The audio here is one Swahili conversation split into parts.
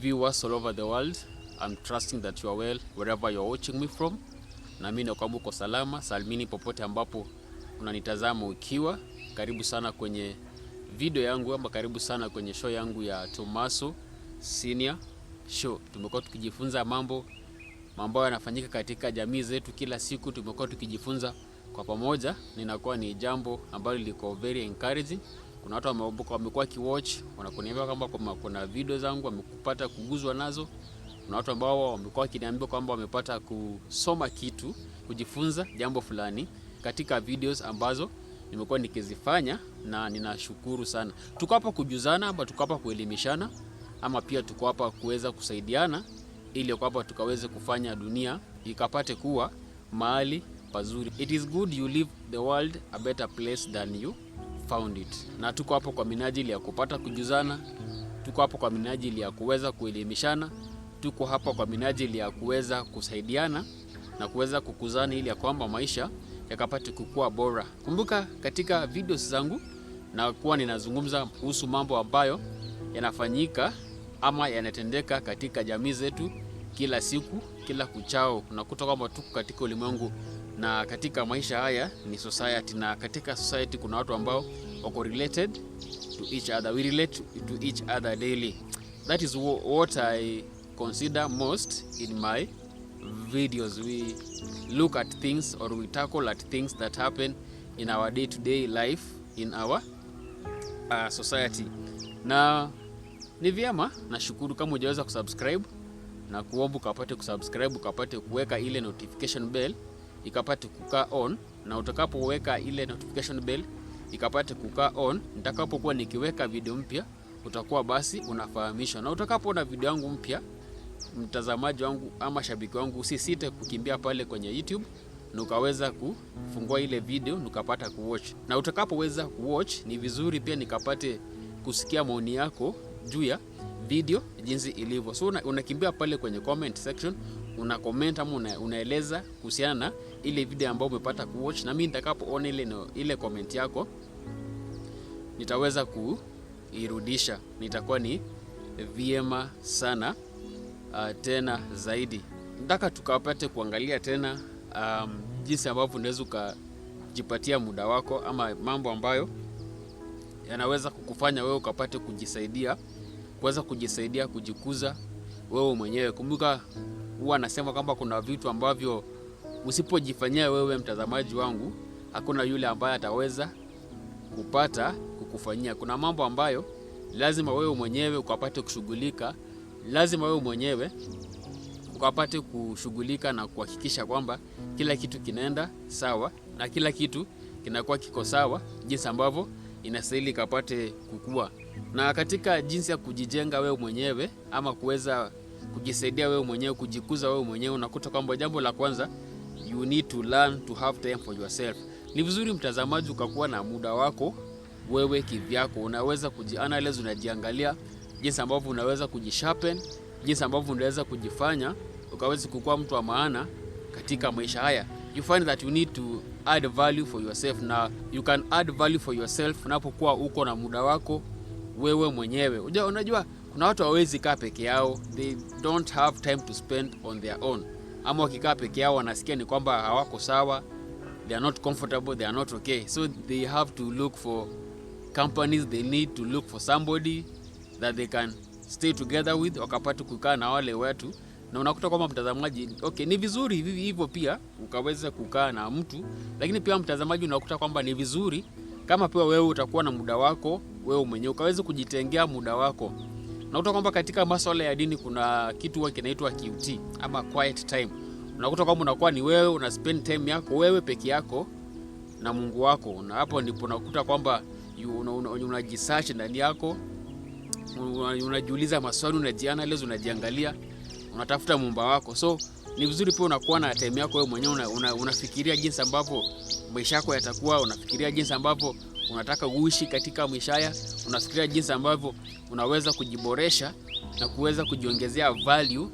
viewers all over the world. I'm trusting that you are well wherever you are watching me from. Naamini kwamba uko salama salmini popote ambapo unanitazama ukiwa. Karibu sana kwenye video yangu ama karibu sana kwenye show yangu ya Tomaso Senior Show. Tumekuwa tukijifunza mambo ambayo yanafanyika katika jamii zetu kila siku, tumekuwa tukijifunza kwa pamoja, ninakuwa ni jambo ambalo liko very encouraging kuna watu wamekuwa kiwatch wanakuniambia kwamba kuna video zangu wamekupata kuguzwa nazo. Kuna watu ambao wamekuwa wakiniambia kwamba wamepata kusoma kitu, kujifunza jambo fulani katika videos ambazo nimekuwa nikizifanya, na ninashukuru sana. Tuko hapa kujuzana, ama tuko hapa kuelimishana, ama pia tuko hapa kuweza kusaidiana ili kwamba tukaweze kufanya dunia ikapate kuwa mahali pazuri. It is good you leave the world a better place than you found it. Na tuko hapo kwa minajili ya kupata kujuzana, tuko hapo kwa minajili ya kuweza kuelimishana, tuko hapo kwa minajili ya kuweza kusaidiana na kuweza kukuzana ili ya kwamba maisha yakapate kukua bora. Kumbuka katika videos zangu na kuwa ninazungumza kuhusu mambo ambayo yanafanyika ama yanatendeka katika jamii zetu kila siku, kila kuchao, unakuta kwamba tuko katika ulimwengu na katika maisha haya ni society, na katika society kuna watu ambao wako related to each other, we relate to each other daily. That is what I consider most in my videos. We look at things or we tackle at things that happen in our day-to-day life in our uh, society. Na ni vyema, nashukuru kama hujaweza kusubscribe na kuomba ukapate kusubscribe, ukapate kuweka ile notification bell ikapate kukaa on, na utakapoweka ile notification bell ikapate kukaa on, nitakapokuwa nikiweka video mpya utakuwa basi unafahamishwa, na utakapoona video yangu mpya, mtazamaji wangu ama shabiki wangu, usisite kukimbia pale kwenye YouTube nukaweza kufungua ile video nukapata kuwatch. Na utakapoweza kuwatch, ni vizuri pia nikapate kusikia maoni yako juu ya video jinsi ilivyo. So unakimbia pale kwenye comment section una comment ama una, unaeleza kuhusiana na ile video ambayo umepata kuwatch, na mimi nitakapoona ile, ile comment yako nitaweza kuirudisha, nitakuwa ni vyema sana uh, tena zaidi nataka tukapate kuangalia tena um, jinsi ambavyo unaweza ukajipatia muda wako ama mambo ambayo yanaweza kukufanya wewe ukapate kujisaidia, kuweza kujisaidia, kujikuza wewe mwenyewe. Kumbuka huwa anasema kwamba kuna vitu ambavyo Usipojifanyia wewe mtazamaji wangu, hakuna yule ambaye ataweza kupata kukufanyia. Kuna mambo ambayo lazima wewe mwenyewe ukapate kushughulika, lazima wewe mwenyewe ukapate kushughulika na kuhakikisha kwamba kila kitu kinaenda sawa na kila kitu kinakuwa kiko sawa jinsi ambavyo inastahili kapate kukua. Na katika jinsi ya kujijenga wewe mwenyewe ama kuweza kujisaidia wewe mwenyewe, kujikuza wewe mwenyewe, unakuta kwamba jambo la kwanza you need to learn to have time for yourself. Ni vizuri mtazamaji ukakuwa na muda wako wewe kivyako, unaweza kujianalyze, unajiangalia jinsi ambavyo unaweza kujisharpen, jinsi ambavyo unaweza kujifanya ukaweza kukuwa mtu wa maana katika maisha haya. You find that you need to add value for yourself, na you can add value for yourself unapokuwa uko na muda wako wewe mwenyewe. Unajua kuna watu hawezi kaa peke yao, they don't have time to spend on their own ama wakikaa peke yao wanasikia ni kwamba hawako sawa, they are not comfortable, they are not okay, so they have to look for companies, they need to look for somebody that they can stay together with, wakapata kukaa na wale watu na unakuta kwamba mtazamaji, okay, ni vizuri hivi hivyo pia ukaweza kukaa na mtu, lakini pia mtazamaji, unakuta kwamba ni vizuri kama pia wewe utakuwa na muda wako wewe mwenyewe, ukaweza kujitengea muda wako unakuta kwamba katika masuala ya dini kuna kitu kinaitwa QT ama quiet time. Unakuta kwamba unakuwa ni wewe una spend time yako wewe peke yako na Mungu wako, na hapo ndipo unakuta kwamba unajisearch ndani yako, unajiuliza maswali, unajianalyze, unajiangalia, unatafuta muumba wako. So ni vizuri pia unakuwa na time yako wewe mwenyewe, una, una unafikiria jinsi ambavyo maisha yako yatakuwa, unafikiria jinsi ambavyo unataka uishi katika maisha haya, unafikiria jinsi ambavyo unaweza kujiboresha na kuweza kujiongezea value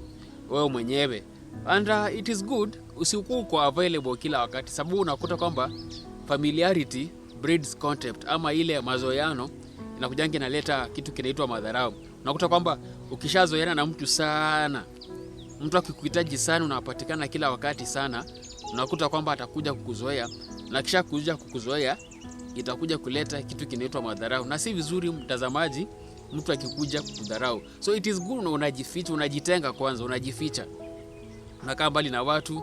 wewe mwenyewe and uh, it is good usikuwa uko available kila wakati, sababu unakuta kwamba familiarity breeds contempt, ama ile mazoeano inakujanga inaleta kitu kinaitwa madharau. Unakuta kwamba ukishazoeana na mtu sana, mtu akikuhitaji sana, unapatikana kila wakati sana, unakuta kwamba atakuja kukuzoea, na kisha kuja kukuzoea itakuja kuleta kitu kinaitwa madharau, na si vizuri mtazamaji mtu akikuja kudharau. So it is good, unajificha, unajitenga kwanza, unajificha, unakaa mbali na watu,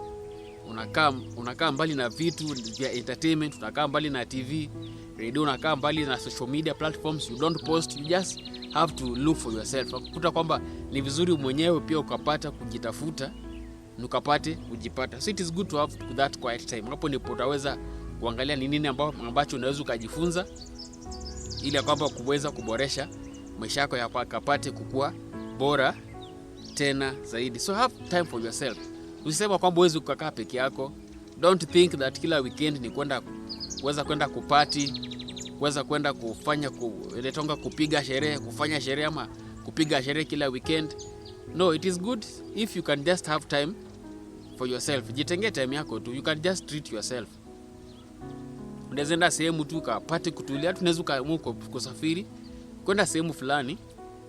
unakaa unakaa mbali na vitu vya entertainment, unakaa mbali na TV, radio, unakaa mbali na social media platforms. You don't post, you just have to look for yourself. Unakuta kwamba ni vizuri mwenyewe pia ukapata kujitafuta nukapate kujipata. So it is good to have that quiet time. Hapo ndipo utaweza kuangalia ni nini ambacho unaweza ukajifunza ili kwamba kuweza kuboresha maisha yako yakapate kukua bora tena zaidi. So have time for yourself. Usisema kwamba uwezi kukakaa peke yako. Don't think that kila weekend ni kwenda kuweza kwenda kupati, kuweza kwenda kufanya letonga kupiga sherehe, kufanya sherehe ama kupiga sherehe kila weekend. No, it is good if you can just have time for yourself. Jitengee time yako tu. You can just treat yourself. Unaweza enda sehemu tu kapate kutulia, tunaweza kusafiri kwenda sehemu fulani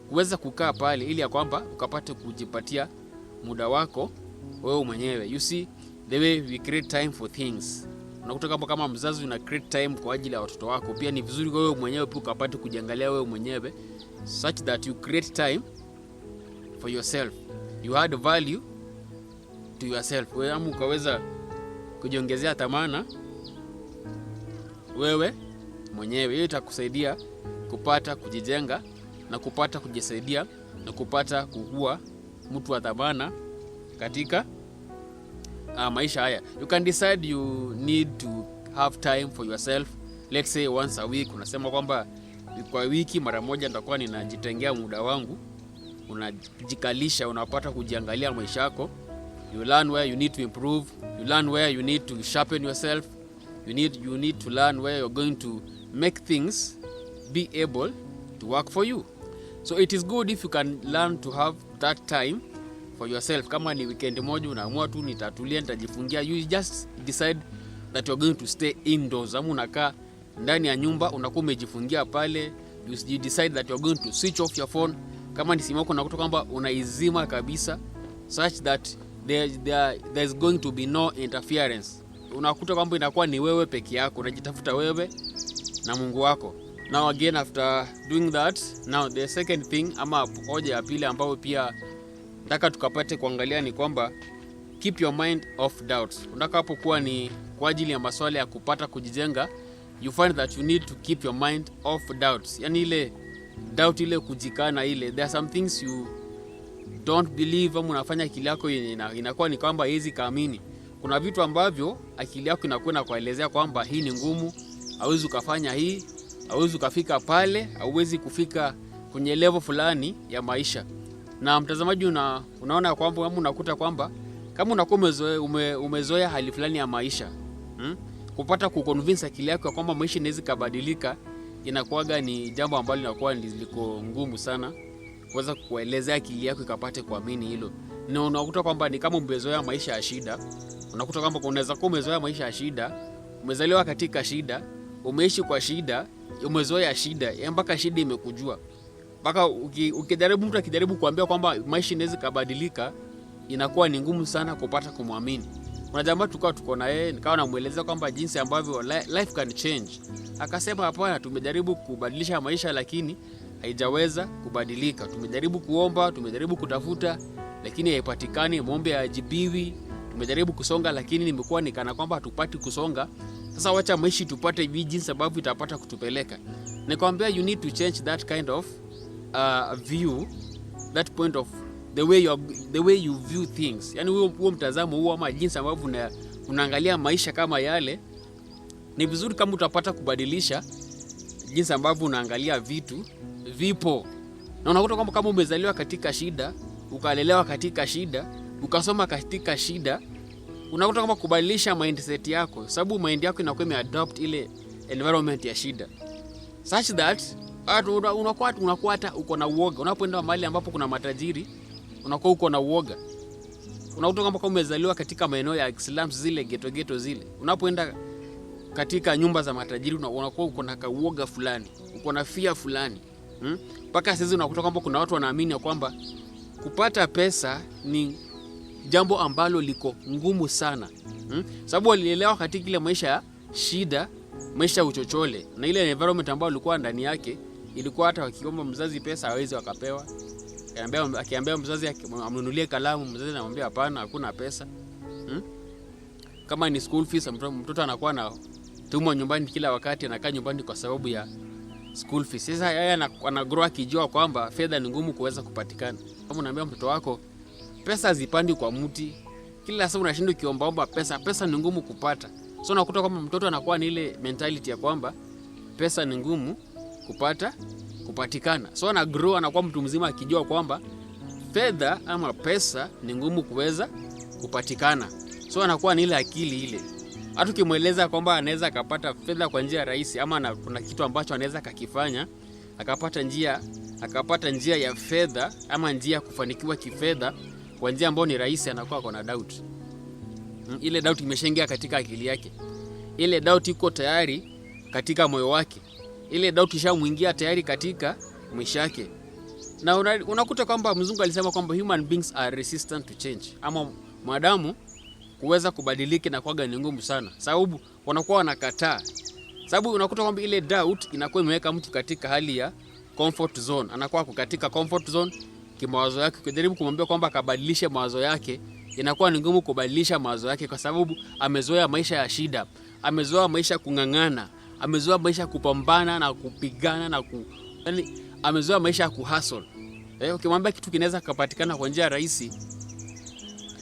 kuweza kukaa pale, ili ya kwamba ukapate kujipatia muda wako wewe mwenyewe. You see the way we create time for things. Unakuta kama kama mzazi una create time kwa ajili ya watoto wako, pia ni vizuri wewe mwenyewe pia ukapate kujiangalia wewe mwenyewe, such that you create time for yourself, you add value to yourself, wewe ukaweza kujiongezea thamana wewe mwenyewe. Hiyo itakusaidia kupata kujijenga na kupata kujisaidia na kupata kukua mtu wa dhamana katika uh, maisha haya. You can decide you need to have time for yourself, let's say once a week. Unasema kwamba kwa wiki mara moja nitakuwa ninajitengea muda wangu, unajikalisha, unapata kujiangalia maisha yako. You learn where you need to improve, you learn where you need to sharpen yourself, you need, you need to learn where you're going to make things be able to work for you. So it is good if you can learn to have that time for yourself. Kama ni weekend moja unaamua tu nitatulia, nitajifungia, you just decide that you're going to stay indoors. Ama unakaa ndani ya nyumba unakuwa umejifungia pale, you decide that you're going to switch off your phone. Kama ni simu yako unakuta kwamba unaizima kabisa such that there, there, there is going to be no interference. Unakuta kwamba inakuwa ni wewe peke yako, unajitafuta wewe na Mungu wako. Now again after doing that, now the second thing ama hoja ya pili ambayo pia nataka tukapate kuangalia ni kwamba keep your mind off doubts. Utakapokuwa ni kwa ajili ya masuala ya kupata kujijenga, you find that you need to keep your mind off doubts. Yani ile doubt ile kujikana ile, there are some things you don't believe, ama unafanya akili yako inakuwa ni kwamba hizi kaamini. Kuna vitu ambavyo akili yako inakuwa inakuelezea kwamba hii ni ngumu hauwezi ukafanya hii, hauwezi ukafika pale, hauwezi kufika kwenye levo fulani ya maisha. Na mtazamaji una, unaona kwamba unakuta kwamba kama unakuwa umezoea ume, umezoea hali fulani ya maisha hmm? kupata kuconvince akili yako kwamba maisha inaweza kubadilika inakuwaga ni jambo ambalo linakuwa liko ngumu sana kuweza kuelezea akili yako ikapate kuamini hilo, na unakuta kwamba ni kama umezoea maisha ya shida. Unakuta kwamba unaweza kuwa umezoea maisha ya shida, umezaliwa katika shida umeishi kwa shida, umezoea shida eh, mpaka shida imekujua mpaka ukijaribu, mtu akijaribu kuambia kwamba maisha inaweza kubadilika, inakuwa ni ngumu sana kupata kumwamini. Kuna jamaa tukawa tuko na yeye, nikawa namueleza kwamba jinsi ambavyo life can change, akasema hapana, tumejaribu kubadilisha maisha lakini haijaweza kubadilika. Tumejaribu kuomba, tumejaribu kutafuta lakini haipatikani, maombi hayajibiwi. Tumejaribu kusonga lakini nimekuwa nikana kwamba hatupati kusonga sasa wacha maishi tupate hii jinsi sababu itapata kutupeleka. Nikwambia you need to change that kind of uh, view, that point of the way you the way you view things. Yaani huo mtazamo huo ama jinsi ambavyo una, unaangalia maisha kama yale ni vizuri kama utapata kubadilisha jinsi ambavyo unaangalia vitu vipo. Na unakuta kwamba kama umezaliwa katika shida, ukalelewa katika shida, ukasoma katika shida unakuta kama kubadilisha mindset yako, sababu mind yako inakuwa imeadopt ile environment ya shida such that unakuwa unakuwa hata uko na uoga unapoenda mahali ambapo kuna matajiri, unakuwa uko na uoga. Unakuta kama kama umezaliwa katika maeneo ya slums zile geto geto zile, unapoenda katika nyumba za matajiri unakuwa uko na kauoga fulani, uko na fia fulani hmm? mpaka hmm? Sasa unakuta kwamba kuna watu wanaamini kwamba kupata pesa ni jambo ambalo liko ngumu sana hmm? Sababu walielewa katika ile maisha ya shida, maisha ya uchochole na ile environment ambayo walikuwa ndani yake, ilikuwa hata wakiomba mzazi pesa hawezi wakapewa, akiambia mzazi amnunulie kalamu, mzazi anamwambia hapana, hakuna pesa hmm? Kama ni school fees, mtoto anakuwa tumwa nyumbani kila wakati, anakaa nyumbani kwa sababu ya school fees. Sasa yeye anagrow akijua kwamba fedha ni ngumu kuweza kupatikana. Kama unaambia mtoto wako pesa hazipandi kwa mti. Kila saa unashinda ukiombaomba pesa, pesa ni ngumu kupata. So unakuta kwamba mtoto anakuwa na ile mentality ya kwamba pesa ni ngumu kupata kupatikana. So ana grow anakuwa mtu mzima akijua kwamba fedha ama pesa ni ngumu kuweza kupatikana. So anakuwa na ile akili ile. Hata ukimweleza kwamba anaweza akapata fedha kwa njia rahisi ama kuna kitu ambacho anaweza akakifanya akapata njia akapata njia ya fedha ama njia ya kufanikiwa kifedha kuanzia ambao ni rahisi, anakuwa ako na doubt. Hmm, ile doubt imeshaingia katika akili yake, ile doubt iko tayari katika moyo wake, ile doubt ishamwingia tayari katika maisha yake, na unakuta kwamba mzungu alisema kwamba human beings are resistant to change, ama mwanadamu kuweza kubadilika na kuaga ni ngumu sana, sababu wanakuwa wanakataa, sababu unakuta kwamba ile doubt inakuwa imeweka mtu katika hali ya comfort zone, anakuwa katika comfort zone kimawazo yake, ukijaribu kumwambia kwamba akabadilishe mawazo yake, inakuwa ni ngumu kubadilisha mawazo yake, kwa sababu amezoea maisha ya shida, amezoea maisha kung'ang'ana, amezoea maisha ya kupambana na kupigana na ku... yani, amezoea maisha ya kuhustle. Eh, ukimwambia kitu kinaweza kupatikana kwa njia rahisi,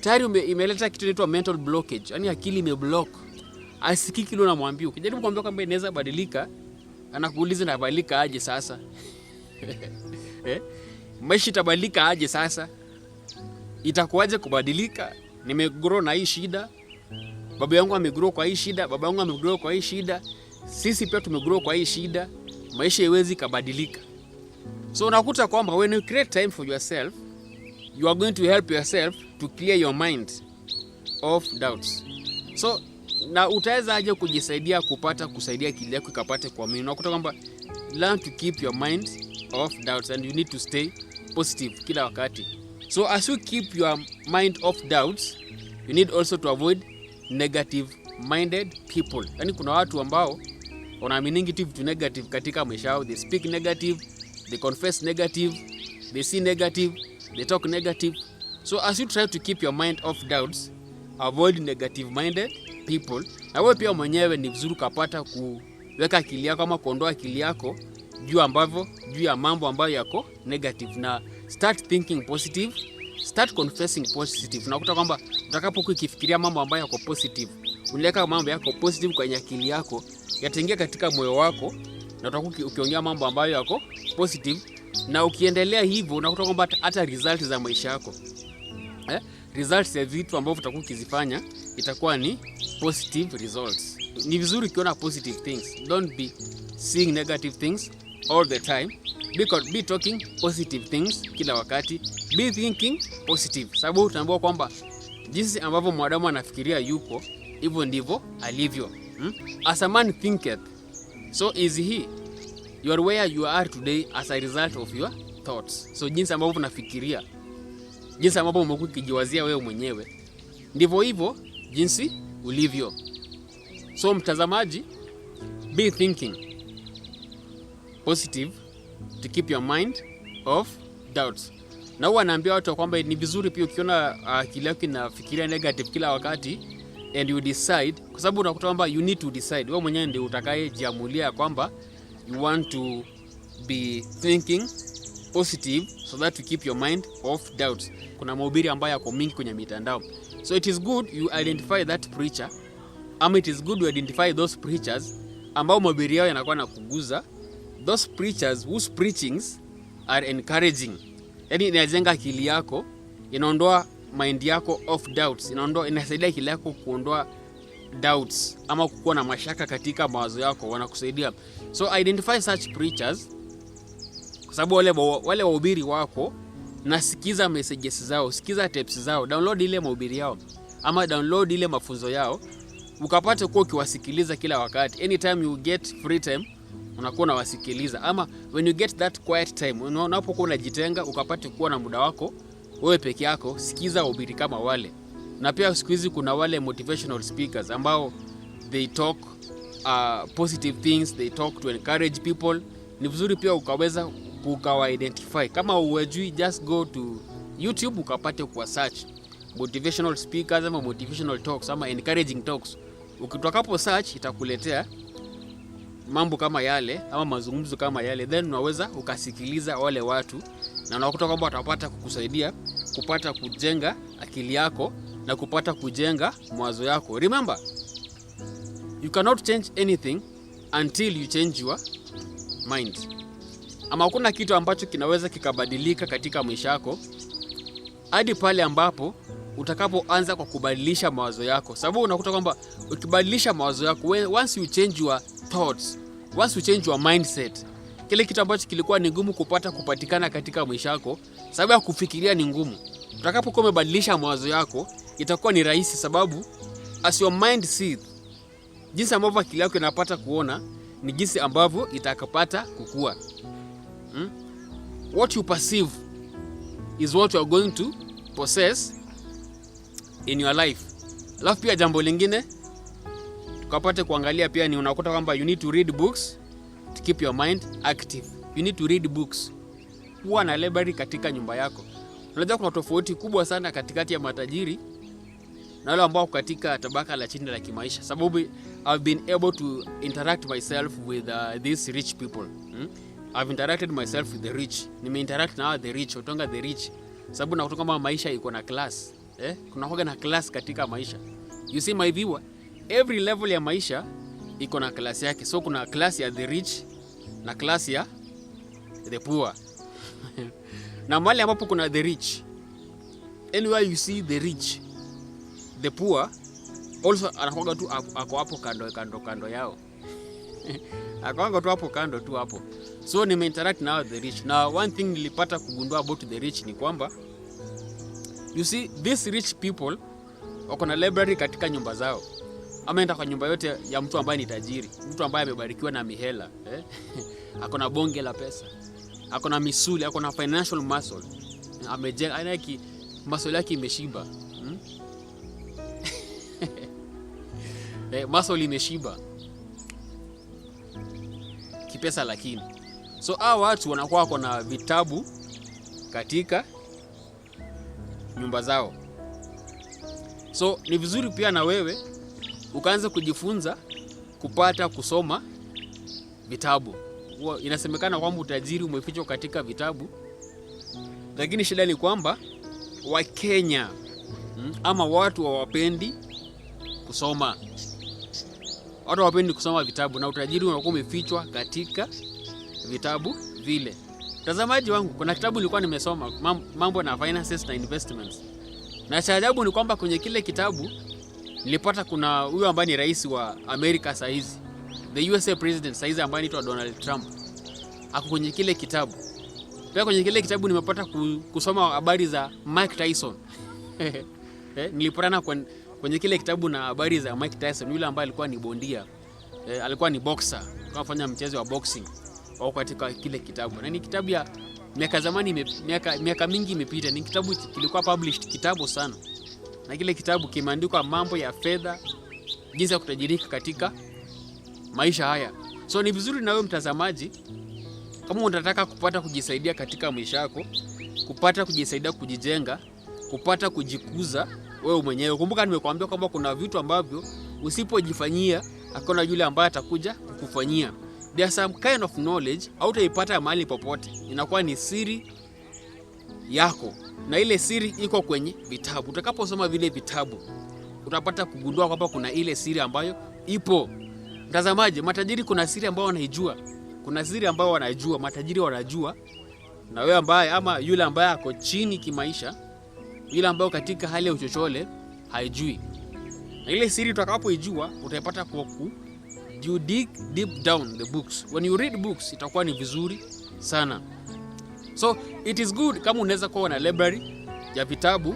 tayari imeleta kitu inaitwa mental blockage, yani akili imeblock, asikii kile unamwambia. Ukijaribu kumwambia kwamba inaweza badilika, anakuuliza inabadilika aje sasa? eh? maisha itabadilika aje sasa? Itakuwaje kubadilika? Nimegrow na hii shida, baba yangu amegrow kwa hii shida, baba yangu amegrow kwa hii shida, sisi pia tumegrow kwa hii shida. Maisha iwezi kabadilika. So unakuta kwamba when you create time for yourself you are going to help yourself to clear your mind of doubts. So na utaweza aje kujisaidia kupata kusaidia akili yako ikapate kuamini. Unakuta kwamba learn to keep your mind off doubts and you need to stay positive kila wakati. So as you keep your mind off doubts, you need also to avoid negative minded people. Yani kuna watu ambao wanaamini vitu negative katika maisha yao. They speak negative, they confess negative, they see negative, they talk negative. So as you try to keep your mind off doubts, avoid negative minded people. Na wewe pia mwenyewe ni vizuri ukapata kuweka akili yako ama kuondoa akili yako juu ambavyo juu ya mambo ambayo yako negative, na start thinking positive, start confessing positive. Unakuta kwamba utakapokuwa ukifikiria mambo ambayo yako positive, unaweka mambo yako positive kwenye akili yako, yataingia katika moyo wako, na utakuwa ukiongea mambo ambayo yako positive, na ukiendelea hivyo, unakuta kwamba hata results za maisha yako eh, results ya vitu ambavyo utakuwa ukizifanya itakuwa ni positive results. Ni vizuri ukiona positive things, don't be seeing negative things all the time be, be talking positive things kila wakati, be thinking positive, sababu tunaambiwa kwamba jinsi ambavyo mwanadamu anafikiria yupo hivyo ndivyo alivyo. Hmm? As a man thinketh so is he. You are where you are today as a result of your thoughts. So jinsi ambavyo unafikiria, jinsi ambavyo umekuwa ukijiwazia wewe mwenyewe ndivyo hivyo jinsi ulivyo. So mtazamaji, be thinking positive to keep your mind off doubts. Na huwa naambia watu kwamba ni vizuri pia ukiona ah, akili yako inafikiria negative kila wakati and you decide, kwa sababu unakuta kwamba you need to decide, wewe mwenyewe ndio utakayejiamulia kwamba you want to be thinking positive so that you keep your mind off doubts. Kuna mahubiri ambayo yako mingi kwenye mitandao, so it is good you identify that preacher, ama it is good you identify those preachers ambao mahubiri yao yanakuwa na kuguza those preachers whose preachings are encouraging. Yani inajenga akili yako, inaondoa mind yako of doubts, inaondoa inasaidia akili yako kuondoa doubts ama kukuwa na mashaka katika mawazo yako, wanakusaidia. So identify such preachers, kwa sababu wale wale wahubiri wako, nasikiza messages zao, sikiza tips zao, download ile mahubiri yao ama download ile mafunzo yao, ukapate kuwa ukiwasikiliza kila wakati. Anytime you get free time unakuwa unawasikiliza, ama when you get that quiet time, unapokuwa unajitenga ukapate kuwa na muda wako wewe peke yako, sikiza wahubiri kama wale. Na pia siku hizi kuna wale motivational speakers ambao they talk uh, positive things, they talk to encourage people. Ni vizuri pia ukaweza ukawa identify kama uwejui, just go to YouTube ukapate kwa search motivational speakers ama motivational talks ama encouraging talks. Ukitakapo search itakuletea mambo kama yale ama mazungumzo kama yale, then unaweza ukasikiliza wale watu na unakuta kwamba watapata kukusaidia kupata kujenga akili yako na kupata kujenga mawazo yako. Remember, you cannot change anything until you change your mind. Ama hakuna kitu ambacho kinaweza kikabadilika katika maisha yako hadi pale ambapo utakapoanza kwa kubadilisha mawazo yako, sababu unakuta kwamba ukibadilisha mawazo yako, once you change your thoughts, once you change your mindset, kile kitu ambacho kilikuwa ni ngumu kupata kupatikana katika maisha yako, sababu ya kufikiria ni ngumu. Utakapokuwa umebadilisha mawazo yako, itakuwa ni rahisi, sababu as your mind sees, jinsi ambavyo akili yako inapata kuona ni jinsi ambavyo itakapata kukua. Hmm? What you perceive is what you are going to possess in your life. Alafu pia jambo lingine ukapate kuangalia pia, ni unakuta kwamba you need to read books to keep your mind active. You need to read books. Kuwa na library katika nyumba yako. Unajua kuna tofauti kubwa sana katikati ya matajiri na wale ambao katika tabaka la chini la kimaisha, sababu I've been able to interact myself with uh, these rich people hmm? I've interacted myself with the rich, Nime interact na the rich, utonga the rich, sababu nakuta kama maisha iko na class eh, kuna hoga na class katika maisha. You see my viewer every level ya maisha iko na klasi yake, so kuna klasi ya the rich na klasi ya the poor na mahali ambapo kuna the rich, anywhere you see the rich, the poor also anakuwaga tu ako hapo kando kando kando yao akawaga tu hapo kando tu hapo. So interact na the rich, na one thing nilipata kugundua about the rich ni kwamba you see these rich people wako na library katika nyumba zao ama kwa nyumba yote ya mtu ambaye ni tajiri, mtu ambaye amebarikiwa na mihela eh? ako na bonge la pesa, ako na misuli, ako na financial muscle, amejenga aina yake, muscle yake imeshiba hmm? eh, muscle imeshiba kipesa, lakini so hao watu wanakuwa wako na vitabu katika nyumba zao, so ni vizuri pia na wewe ukaanza kujifunza kupata kusoma vitabu. Inasemekana kwamba utajiri umefichwa katika vitabu, lakini shida ni kwamba Wakenya hmm, ama watu hawapendi kusoma, watu hawapendi kusoma vitabu, na utajiri unakuwa umefichwa katika vitabu vile. Mtazamaji wangu, kuna kitabu nilikuwa nimesoma mambo na finances na investments, na cha ajabu ni kwamba kwenye kile kitabu nilipata kuna huyo ambaye ni rais wa Amerika saa hizi, the USA president saa hizi ambaye anaitwa Donald Trump, ako kwenye kile kitabu. Pia kwenye kile kitabu nimepata kusoma habari za Mike Tyson eh, nilipatana kwenye kile kitabu na habari za Mike Tyson, yule ambaye alikuwa ni bondia eh, alikuwa ni boxer, anafanya mchezo wa boxing au katika kile kitabu, na ni kitabu ya miaka zamani, miaka mingi imepita, ni kitabu kilikuwa published, kitabu sana na kile kitabu kimeandikwa mambo ya fedha, jinsi ya kutajirika katika maisha haya. So ni vizuri wewe mtazamaji, kama unataka kupata kujisaidia katika maisha yako, kupata kujisaidia, kujijenga, kupata kujikuza wewe mwenyewe, kumbuka nimekuambia kwamba kuna vitu ambavyo usipojifanyia hakuna yule ambaye atakuja kukufanyia. There some kind of knowledge hautaipata mahali popote, inakuwa ni siri yako, na ile siri iko kwenye vitabu. Utakaposoma vile vitabu, utapata kugundua kwamba kuna ile siri ambayo ipo. Mtazamaji, matajiri kuna siri ambayo wanaijua, kuna siri ambayo wanajua, matajiri wanajua, na wewe ambaye ama yule ambaye ako chini kimaisha, yule ambayo katika hali ya uchochole haijui, na ile siri utakapoijua utaipata kwa ku you dig deep down the books. When you read books, itakuwa ni vizuri sana. So it is good kama unaweza kuwa na library ya vitabu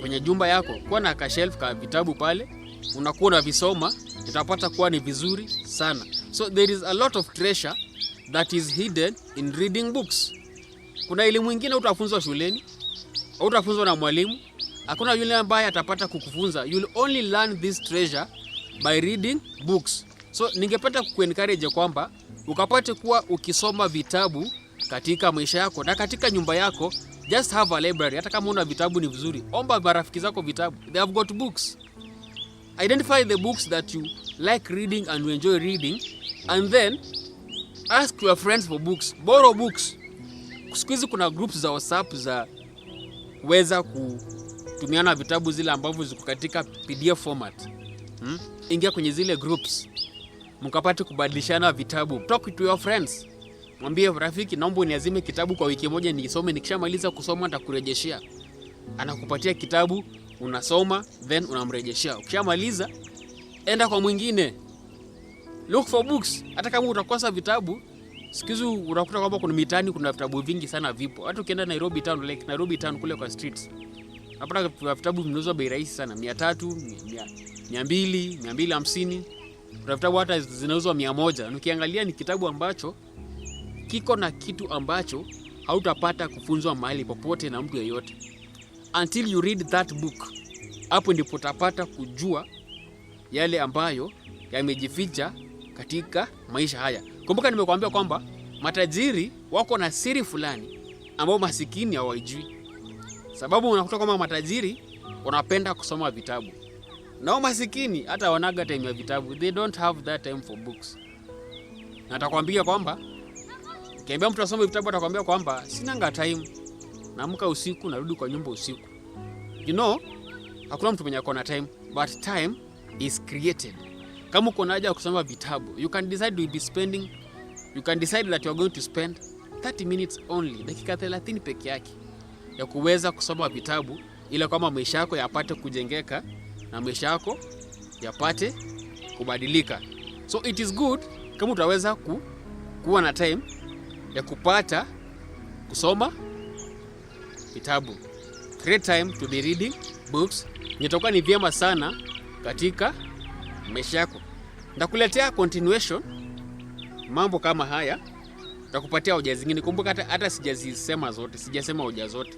kwenye jumba yako, kuwa na kashelf ka vitabu pale, unakuwa unavisoma, utapata kuwa ni vizuri sana. So there is a lot of treasure that is hidden in reading books. Kuna elimu ingine utafunzwa shuleni au utafunzwa na mwalimu, hakuna yule ambaye atapata kukufunza. You'll only learn this treasure by reading books. So ningependa kuencourage kwamba ukapate kuwa ukisoma vitabu katika maisha yako na katika nyumba yako. Just have a library. Hata kama una vitabu ni vizuri, omba marafiki zako vitabu, they have got books. Identify the books that you like reading and you enjoy reading and then ask your friends for books, borrow books. Siku hizi kuna groups za WhatsApp za weza kutumiana vitabu zile ambavyo ziko katika PDF format. Hmm? Ingia kwenye zile groups mkapate kubadilishana vitabu. Talk to your friends. Mwambie rafiki, naomba uniazime kitabu kwa wiki moja nisome, nikishamaliza kusoma nitakurejeshea. Anakupatia kitabu unasoma, then unamrejeshea. Ukishamaliza enda kwa mwingine, look for books. Hata kama utakosa vitabu, sikizi, unakuta kwamba kuna mitaani, kuna vitabu vingi sana vipo. Hata ukienda Nairobi town, like Nairobi town kule kwa streets, hapana vitabu vinauzwa bei rahisi sana, mia tatu, mia mbili, mia mbili hamsini. Kuna vitabu hata zinauzwa mia moja. Ukiangalia ni kitabu ambacho kiko na kitu ambacho hautapata kufunzwa mahali popote na mtu yeyote until you read that book. Hapo ndipo utapata kujua yale ambayo yamejificha katika maisha haya. Kumbuka nimekuambia kwamba matajiri wako na siri fulani ambao masikini hawajui, sababu unakuta kwamba matajiri wanapenda kusoma vitabu nao masikini hata wanaga time ya vitabu, they don't have that time for books. Natakwambia kwamba Ukiambia mtu asome vitabu atakwambia kwamba sina sinanga time, naamka usiku narudi kwa nyumba usiku. You know, hakuna mtu mwenye akona time, but time is created. Kama uko na haja ya kusoma vitabu, you can decide you'll be spending, you can decide that you are going to spend 30 minutes only, dakika 30 peke yake ya kuweza kusoma vitabu ila kama maisha yako yapate kujengeka na maisha yako yapate kubadilika. So it is good kama utaweza ku, kuwa na time ya kupata kusoma vitabu. Create time to be reading books. Nitakuwa ni vyema sana katika maisha yako. Ndakuletea continuation mambo kama haya, nitakupatia hoja zingine. Kumbuka hata, hata sijazisema zote, sijasema hoja zote.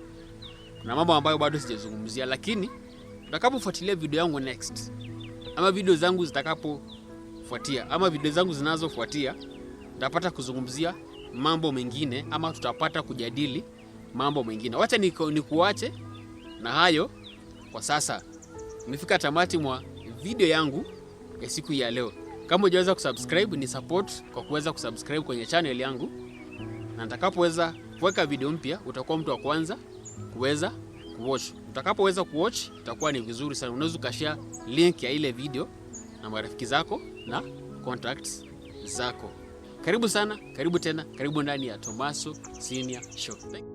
Kuna mambo ambayo bado sijazungumzia, lakini utakapofuatilia video yangu next ama video zangu zitakapofuatia ama video zangu zinazofuatia, ndapata kuzungumzia mambo mengine ama tutapata kujadili mambo mengine. Wacha nikuache na hayo kwa sasa. Nimefika tamati mwa video yangu ya siku ya leo. Kama hujaweza kusubscribe, ni support kwa kuweza kusubscribe kwenye channel yangu, na nitakapoweza kuweka video mpya utakuwa mtu wa kwanza kuweza kuwatch. Utakapoweza kuwatch itakuwa ni vizuri sana. Unaweza ukashare link ya ile video na marafiki zako na contacts zako. Karibu sana, karibu tena, karibu ndani ya Tomaso Senior Show.